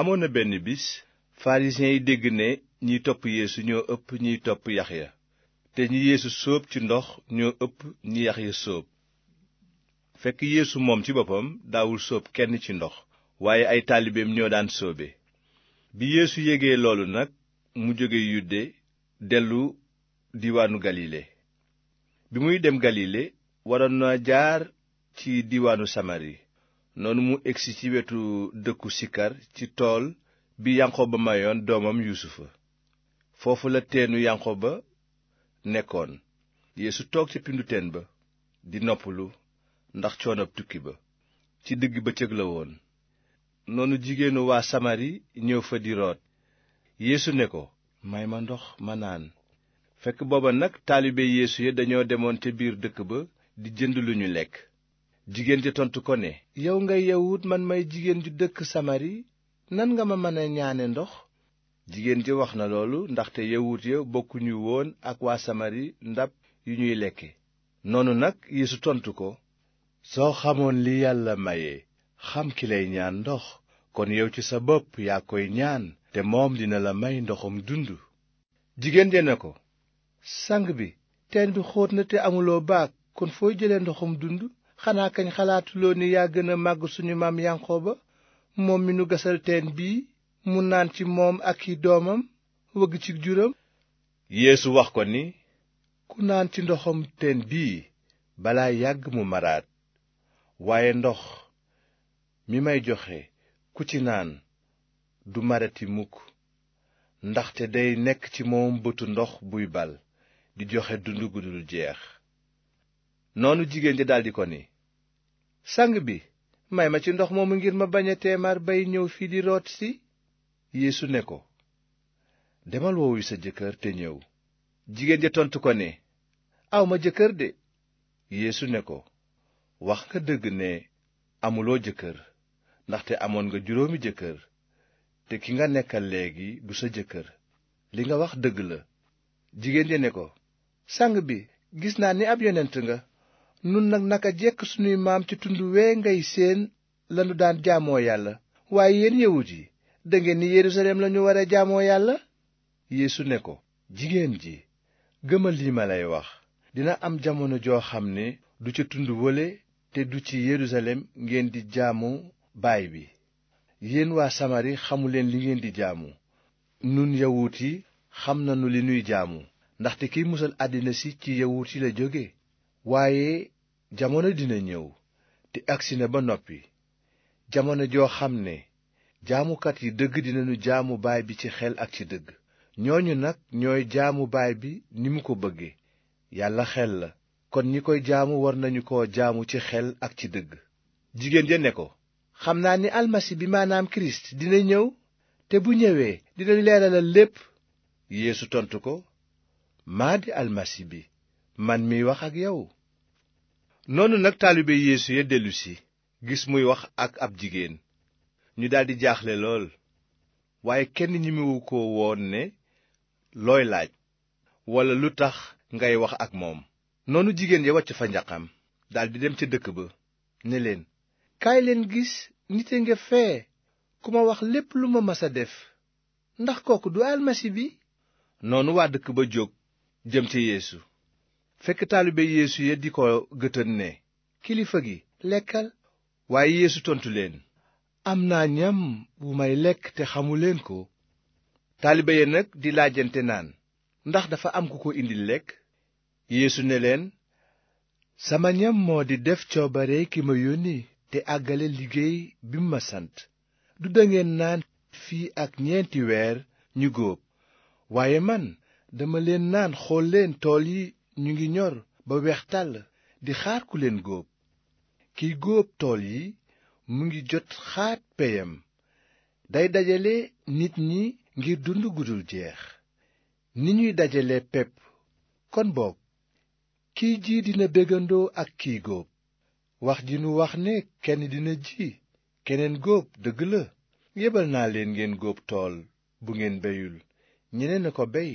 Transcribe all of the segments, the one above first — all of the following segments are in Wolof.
amoon na benn bis farisiyen yi dégg ne ñiy topp yeesu ñoo ëpp ñiy topp yaxya te ñi yeesu sóob ci ndox ñoo ëpp ñi yaxya sóob fekk yéesu moom ci boppam daawul sóob kenn ci ndox waaye ay taalibeem ñoo daan sóobe bi yéesu yégee loolu nag mu jóge yudde dellu diiwaanu galile bi muy dem galile waroon naa jaar ci diiwaanu samari noonu mu egsi ci wetu dëkku sikar ci tool bi ba mayoon doomam yuusufa foofu la teenu ba nekkoon yeesu toog ca pindu teen ba di noppalu ndax coonob tukki ba ci digg ba bëccëg la woon noonu jigéenu waa samari ñëw fa di root yeesu ne ko may ma ndox ma naan fekk booba nag taalibe yéesu ya dañoo demoon ca biir dëkk ba di jënd lu ñu lekk jigéen ja tontu ko ne yow ngay yawut man may jigéen ju dëkk samari nan nga ma mën ñaane ndox jigéen ja wax na loolu ndaxte yawut ya bokkuñu woon ak waa samari ndab yu ñuy lekke noonu nag Yeesu tontu ko soo xamoon li yàlla maye xam ki lay ñaan ndox kon yow ci sa bopp yaa koy ñaan te moom dina la may ndoxum dund jigéen ja ne ko sang bi teen bi xóot na te amuloo baag kon fooy jële ndoxum dund xanaa kañ xalaatuloo ni yaa gën a màgg suñu maam ba moom mi nu gasal teen bii mu naan ci moom ak i doomam wëgg ci juram yéesu wax ko ni ku naan ci ndoxum teen bii balaa yàgg mu maraat waaye ndox mi may joxe ku ci naan du marati mukk ndaxte day nekk ci moom bëtu ndox buy bal di joxe dund gu jeex noonu jigéen ja daldi ko ni sang bi may ma ci ndox moomu ngir ma bañ a teemaar bay ñëw fii di root si yéesu ne ko demal woowi sa jëkkër te ñëw jigéen ja tontu ko ne awma jëkkër de yéesu ne ko wax nga dëgg ne amuloo jëkkër ndaxte amoon nga juróomi jëkkër te ki nga nekkal léegi du sa jëkkër li nga wax dëgg la jigéen ja ne ko sang bi gis naa ni ab yonent nga nun nag naka jekk sunuy maam ci tund wee ngay séen lanu daan jaamoo yàlla waaye yéen yawut yi dangeen ni yerusalem lañu ware jaamoo yàlla yéesu ne ko jigéen ji gëmal yi ma lay wax dina am jamono joo xam ne du ci tund wële te du ci yerusalem ngeen di jaamu baay bi yéen waa samari xamuleen li ngeen di jaamu nun yawut yi xam nanu li nuy jaamu ndaxte kiy musal àddina si ci yawut yi la jóge waaye jamono dina ñëw te agsi na ba noppi jamono joo xam ne jaamukat yi dëgg dinañu jaamu baay bi ci xel ak ci dëgg ñooñu nag ñooy jaamu baay bi ni mu ko bëgge yàlla xel la kon ñi koy jaamu war nañu ko jaamu ci xel ak ci dëgg jigéen ja ne ko xam naa ni almasi bi maanaam kirist dina ñëw te bu ñëwee dinañu leeralal lépp yéesu tontu ko maa di almasi bi man miy wax ak yow noonu nag taalibe yeesu ya dellusi gis muy wax ak ab jigéen ñu daldi jaaxle lool waaye kenn ñi ñemewu ko woon ne looy laaj walla lu tax ngay wax ak moom noonu jigéen ya wàcc fa njaqam daldi dem ca dëkk ba ni leen kaay leen gis nite nga fee ku ma wax lépp lu ma mas a def ndax kooku du almasi bi noonu waa dëkk ba jóg jëm ci yeesu fekk taalibe yéesu ya di ko gëtën ne kilifa gi lekkal waaye yeesu tontu leen am naa ñam bu may lekk te xamuleen ko taalibe ya nag di laajante naan ndax dafa am ku ko indil lekk yéesu ne leen sama ñam moo di def coobare ki ma yónni te àggale liggéey bi mu ma sant du dangeen naan fii ak ñeenti weer ñu góob waaye man dama leen naan xool leen tool yi ñu ngi ñor ba weex tàll di xaar ku leen góob kiy góob tool yi mu ngi jot xaat peyam day dajale nit ñi ngir dund guddul jeex ni ñuy dajale pepp kon boog kiy ji dina bégandoo ak kiy góob wax ji nu wax ne kenn dina ji keneen góob dëgg la yebal naa leen ngeen góob tool bu ngeen beyul ñeneen a ko bey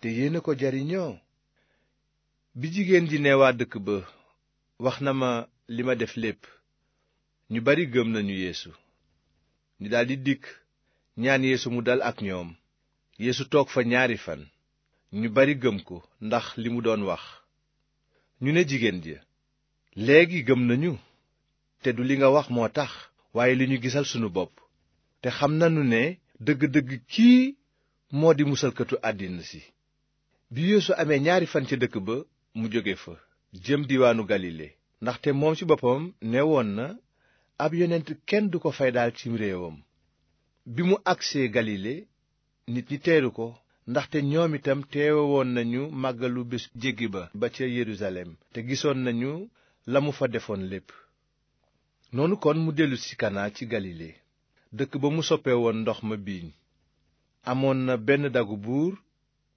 te yéen a ko jariñoo bi jigéen ji nee waa dëkk ba wax na ma li ma def lépp ñu bari gëm nañu yéesu ñu daldi dikk ñaan yeesu mu dal ak ñoom yéesu toog fa ñaari fan ñu bari gëm ko ndax li mu doon wax ñu ne jigéen ja léegi gëm nañu te du li nga wax moo tax waaye li ñu gisal sunu bopp te xam nañu ne dëgg-dëgg kii moo di musalkatu àddina si bi yeesu amee ñaari fan ca dëkk ba mu jóge fa jëm diwaanu galile ndaxte moom ci boppam ne woon na ab yonent kenn du ko faydaal cim réewam bi mu agsee galile nit ñi teeru ko ndaxte ñoom itam teewe woon nañu màggalu bés jéggi ba ba ca yerusalem te gisoon nañu la mu fa defoon lépp noonu kon mu dellu si kanaa ci galile dëkk ba mu soppee woon ndox ma biiñ amoon na benn dagu buur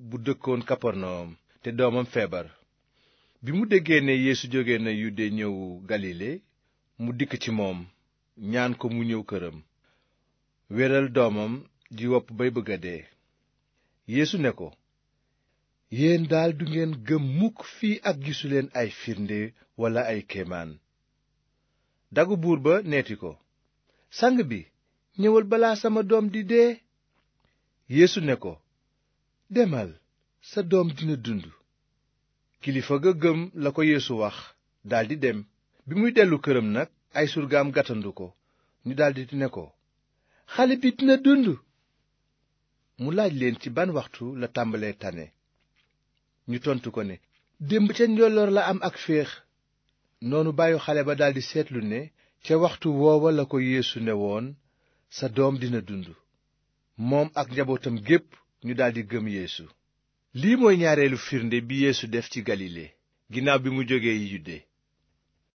bu dëkkoon kapernaum te doomam feebar bi mu déggee ne yéesu jóge na yude ñëw galile mu dikk ci moom ñaan ko mu ñëw këram wéral doomam ji wopp bay bëgg a dee yéesu ne ko yéen daal du ngeen gëm mukk fii ak gisuleen ay firnde walla ay kéemaan dagu buur ba neeti ko sang bi ñëwal balaa sama doom di dee yéesu ne ko demal sa doom dina dund kilifa ga gëm la ko yéesu wax daldi dem bi muy dellu këram nag ay surgaam gàttandu ko ñu daldi né ko xale bi dina dund mu laaj leen ci ban waxtu la tàmbalee tane ñu tontu ko ne démb ca njolloor la am ak féex noonu bayu xale ba daldi seetlu ne ca waxtu woowa la ko yéesu ne woon sa doom dina dund moom ak njabootam gépp ñu daldi gëm yéesu lii mooy ñaareelu firnde bi yéesu def ci galile ginnaaw bi mu jógee yude